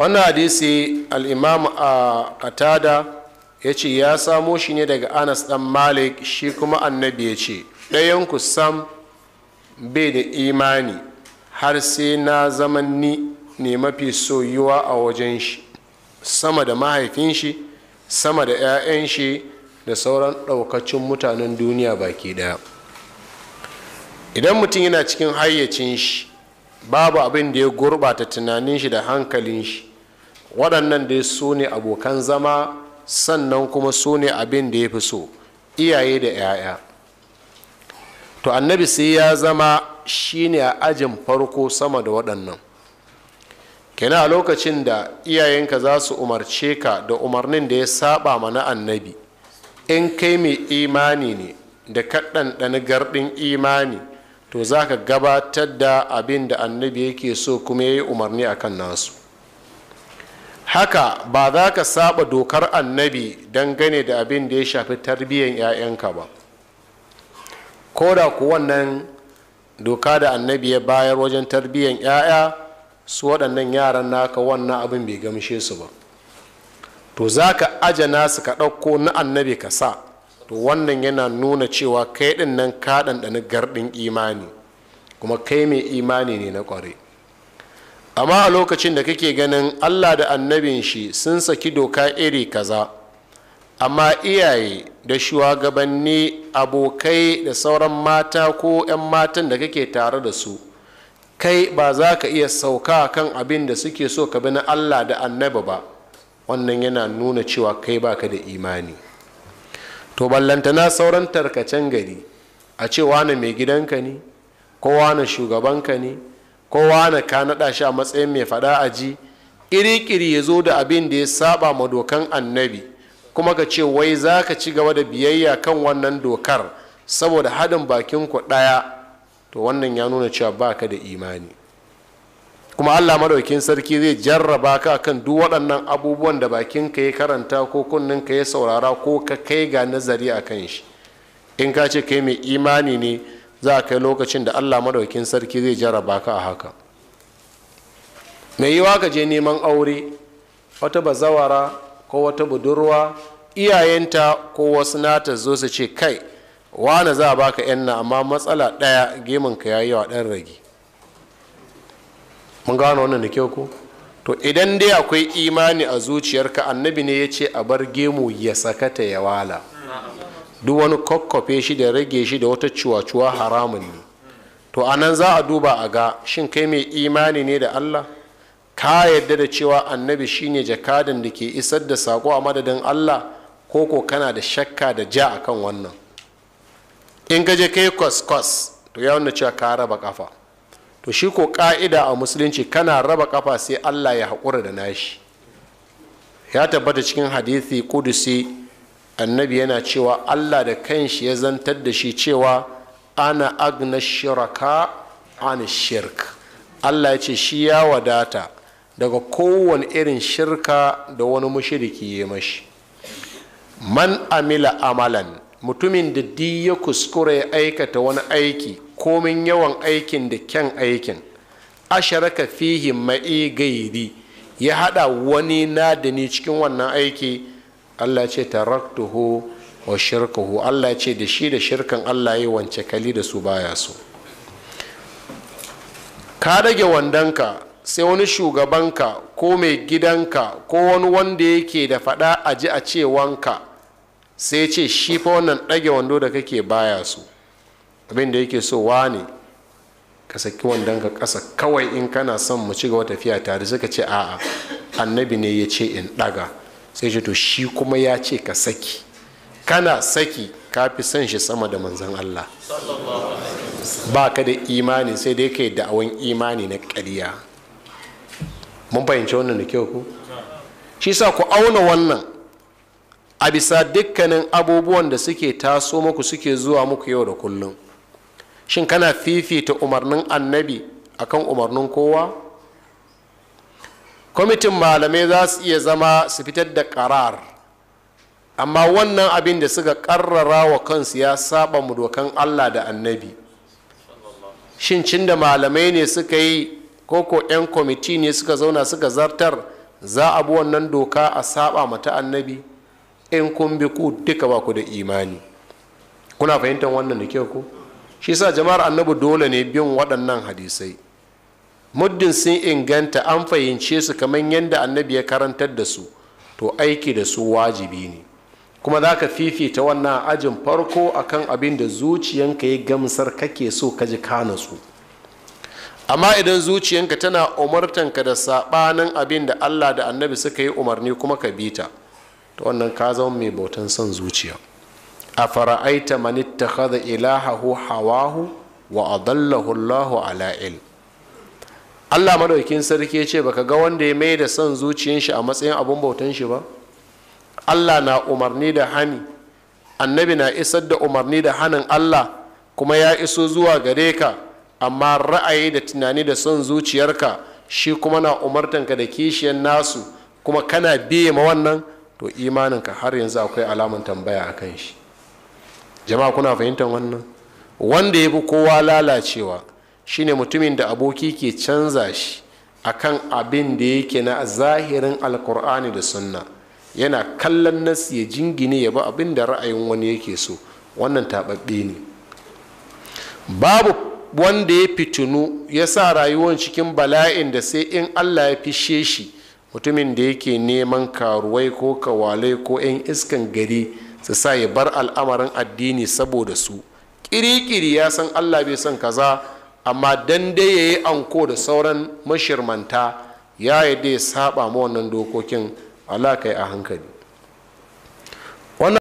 wannan hadisi al'imamu a ah, katada ya ce ya samo shi ne daga anas dan malik shi kuma annabi ya ce ɗayanku sam bai da imani har sai na zaman ni ne mafi soyuwa a wajen shi sama da mahaifin shi sama da 'ya'yan shi da sauran ɗaukacin mutanen duniya baki ɗaya idan mutum yana cikin hayyacin shi babu abin da ya gurɓata tunanin shi da hankalin shi waɗannan da su ne abokan zama sannan kuma su ne abin da ya fi so iyaye da 'ya'ya to annabi sai ya zama shine a ajin farko sama da waɗannan kena a lokacin da iyayenka za su umarce ka da umarnin da ya saba mana annabi in kai mai imani ne da kaɗanɗani garɗin imani to za ka gabatar da abin da annabi yake so kuma ya yi umarni a kan nasu haka ba za ka saba dokar annabi dangane da abin da ya shafi tarbiyyar 'ya'yanka ba ko da ku wannan doka da annabi ya bayar wajen tarbiyyar 'ya'ya su waɗannan yaran naka wannan abin bai gamshe su ba to za ka ajana su ka ɗauko na annabi ka sa to wannan yana nuna cewa kai ɗin nan ka ɗanɗani garɗin imani kuma kai mai imani ne na ƙware amma a lokacin da kake ganin allah da annabin shi sun saki doka iri kaza amma iyaye da shugabanni abokai da sauran mata ko 'yan matan da kake tare da su kai ba za ka iya sauka kan abin da suke so ka bi na allah da annabi ba wannan yana nuna cewa kai baka da imani to ballantana sauran tarkacen gari a ce wane mai gidanka ne ko wane shugabanka ne kowa na ka naɗa shi a matsayin mai faɗa a ji ƙiriƙiri ya zo da abin da ya saba ma dokan annabi kuma ka ce wai za ka ci gaba da biyayya kan wannan dokar saboda haɗin bakin ku ɗaya to wannan ya nuna cewa ba ka da imani kuma allah maɗaukin sarki zai jarraba ka kan duk waɗannan abubuwan da bakin ka ya karanta ko kunnen ka ya saurara ko ka kai ga nazari a kan shi in ka ce kai mai imani ne za a kai lokacin da allah madaukin sarki zai jaraba ka a haka mai yiwa ka je neman aure wata bazawara ko wata budurwa iyayenta ko wasu nata zo su ce kai wane za a baka yan na amma matsala ɗaya gemin ka yi wa ɗan rage mun gano wannan da kyau ko to idan dai akwai imani a zuciyarka annabi ne ya ce a bar gemu ya sakata ya wala duk wani kokkofe shi da rage shi da wata cuwa haramun ne to anan za a duba a ga shin kai mai imani ne da allah ka yarda da cewa annabi shine jakadan da ke isar da sako a madadin allah ko ko kana da shakka da ja a kan wannan in gaje kai kwaskwas to ya wanda cewa ka raba kafa to shi ko ka'ida a musulunci kana raba kafa sai allah ya haƙura da nashi ya tabbata cikin hadithi kudusi annabi yana cewa allah da kanshi ya zantar da shi cewa ana agna shiraka an shirk allah ya ce shi ya wadata daga kowane irin shirka da wani mushiriki ya mashi man amila amalan mutumin da di ya kuskura ya aikata wani aiki komin yawan aikin da kyan aikin asharaka fihi ma'i gairi ya hada wani na da ni cikin wannan aiki Allah ce taraktuhu wa hu Allah ce da shi da shirkan Allah ya wance kali da su baya so ka rage wandonka sai wani shugabanka ko mai gidanka ko wani wanda yake da faɗa a ji a ce wanka sai ce shi fa wannan dage wando da kake baya su abinda yake so wani ka saki wandonka kasa kawai in kana son mu ci gaba tafiya tare suka ce a'a annabi ne ya ce in ɗaga sai ce to shi kuma ya ce ka saki kana saki ka fi son shi sama da manzan Allah ba ka da imani sai dai ka yi da'awan imani na ƙarya mun fahimci wannan da kyau ku shi sa ku auna wannan a bisa dukkanin abubuwan da suke taso muku suke zuwa muku yau da kullum shin kana fifita umarnin annabi akan umarnin kowa kwamitin malamai za su iya zama su fitar da karar amma wannan abin da suka karrara wa kansu ya saba mu dokan allah da annabi shin cin da malamai ne suka yi koko 'yan kwamiti ne suka zauna suka zartar za a bi wannan doka a saba mata annabi in kun bi ku duka ba ku da imani kuna fahimtar wannan da kyau ku shi sa jama'ar annabi dole ne bin waɗannan hadisai muddin sun inganta an fahimce su kamar yadda annabi ya karantar da su to aiki da su wajibi ne kuma za ka fifita wannan ajin farko akan abin da zuciyanka ya gamsar kake so ka ji kana su amma idan zuciyanka tana umartanka da sabanin abin da allah da annabi suka yi umarni kuma ka bita ta wannan ka zama mai bautan son zuciya a fara'aita da ilahahu hawahu wa adallahu allahu ala'il allah madaukin sarki ya ce baka ga wanda ya mai da son zuciyar shi a matsayin abun bautan shi ba allah na umarni da hani annabi na isar da umarni da hanin allah kuma ya iso zuwa gare ka amma ra'ayi da tunani da son zuciyarka shi kuma na umartanka da kishiyar nasu kuma kana biye ma wannan to imaninka har yanzu akwai alamun tambaya a kan shi jama'a kuna fahimtar wannan wanda ya fi kowa lalacewa shine mutumin da aboki ke canza shi akan abin da yake na zahirin alkur'ani da sunna yana kallon nas ya jingine ya ba abin da ra'ayin wani yake so wannan taɓaɓɓe ne babu wanda ya fitinu ya sa rayuwar cikin bala'in da sai in allah ya fishe shi mutumin da yake neman karuwai ko kawalai ko 'yan iskan gari su sa ya bar al'amarin addini saboda su ƙiriƙiri ya san allah bai son kaza amma dan dai ya yi anko da sauran mashirmanta ya yi dai saba ma wannan dokokin alakai a hankali